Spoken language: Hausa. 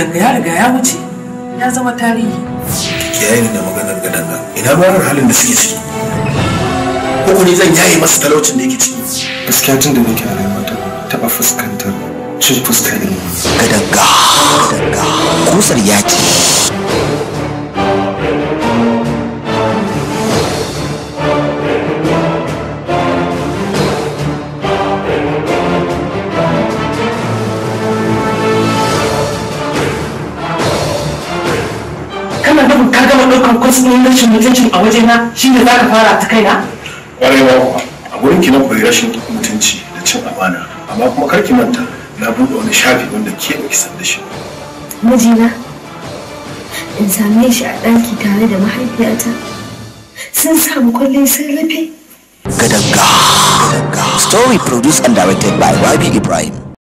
gadanga ya riga ya wuce ya zama tarihi yayin da maganar gadanga ina ran halin da suke ciki ko ne zan yaye masa talaucin da yake ciki gaskiya tun da nake a taɓa fuskantar cin fuska ne gadanga gadanga kusar ya ce an kwatsumin rashin mutuncin a wajena shi ne za ka fara ta kaina? ƙwarewa a gurin ki na koyi rashin mutunci da cin amana amma kuma kar ki manta na buɗe wani shafi wanda ke ba ki san da shi. mijina in same shi a ɗaki tare da mahaifiyata sun samu kwallon sun rufe. Gadanga. Story produced and directed by Rabi Ibrahim.